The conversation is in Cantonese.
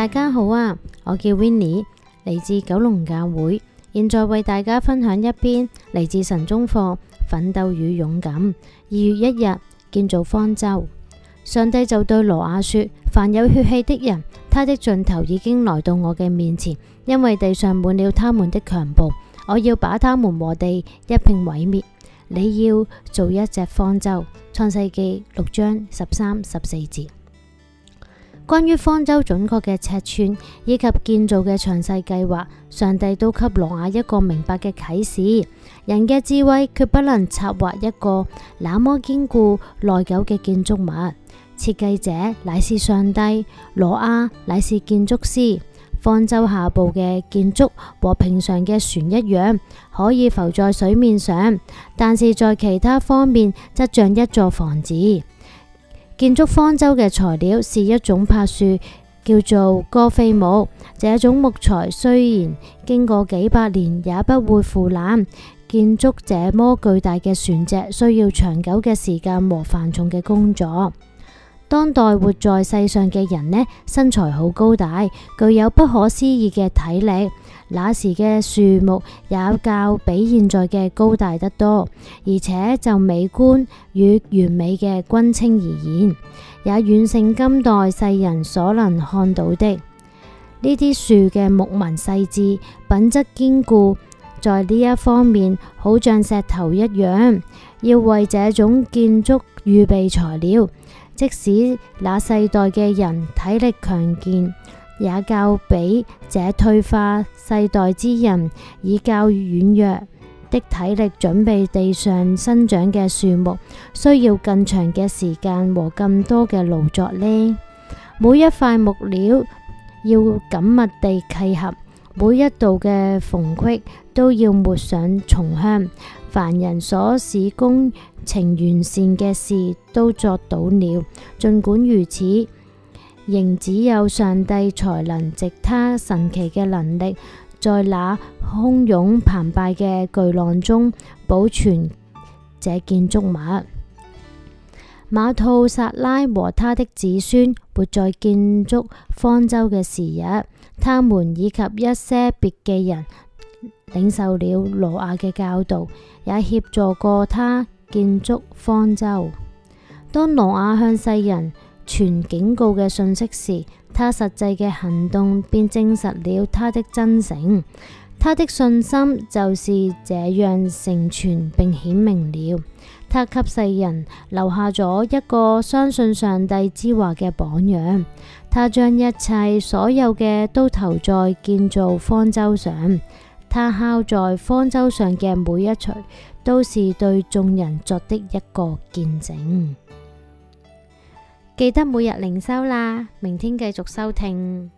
大家好啊，我叫 Winnie，嚟自九龍教會，現在為大家分享一篇嚟自神宗課《奮鬥與勇敢》。二月一日建造方舟，上帝就對挪亞說：凡有血氣的人，他的盡頭已經來到我嘅面前，因為地上滿了他們的強暴，我要把他們和地一併毀滅。你要做一隻方舟。創世紀六章十三、十四節。關於方舟準確嘅尺寸以及建造嘅詳細計劃，上帝都給挪亞一個明白嘅啟示。人嘅智慧卻不能策劃一個那麼堅固、耐久嘅建築物。設計者乃是上帝，挪亞乃是建築師。方舟下部嘅建築和平常嘅船一樣，可以浮在水面上，但是在其他方面則像一座房子。建築方舟嘅材料是一種柏樹，叫做歌斐木。這種木材雖然經過幾百年也不會腐爛。建築這麼巨大嘅船隻，需要長久嘅時間和繁重嘅工作。當代活在世上嘅人呢，身材好高大，具有不可思議嘅體力。那時嘅樹木也較比現在嘅高大得多，而且就美觀與完美嘅均稱而言，也遠勝今代世人所能看到的。呢啲樹嘅木紋細緻，品質堅固，在呢一方面，好像石頭一樣，要為這種建築預備材料，即使那世代嘅人體力強健。也較比這退化世代之人，以較軟弱的體力準備地上生長嘅樹木，需要更長嘅時間和更多嘅勞作呢。每一塊木料要緊密地契合，每一道嘅縫隙都要抹上松香。凡人所使工程完善嘅事都作到了，盡管如此。仍只有上帝才能藉他神奇嘅能力，在那洶湧澎湃嘅巨浪中保存這建築物。瑪土撒拉和他的子孫活在建築方舟嘅時日，他們以及一些別嘅人領受了挪亞嘅教導，也協助過他建築方舟。當挪亞向世人傳警告嘅信息時，他實際嘅行動便證實了他的真誠，他的信心就是這樣成全並顯明了。他給世人留下咗一個相信上帝之話嘅榜樣。他將一切所有嘅都投在建造方舟上，他敲在方舟上嘅每一錘，都是對眾人作的一個見證。記得每日靈修啦，明天繼續收聽。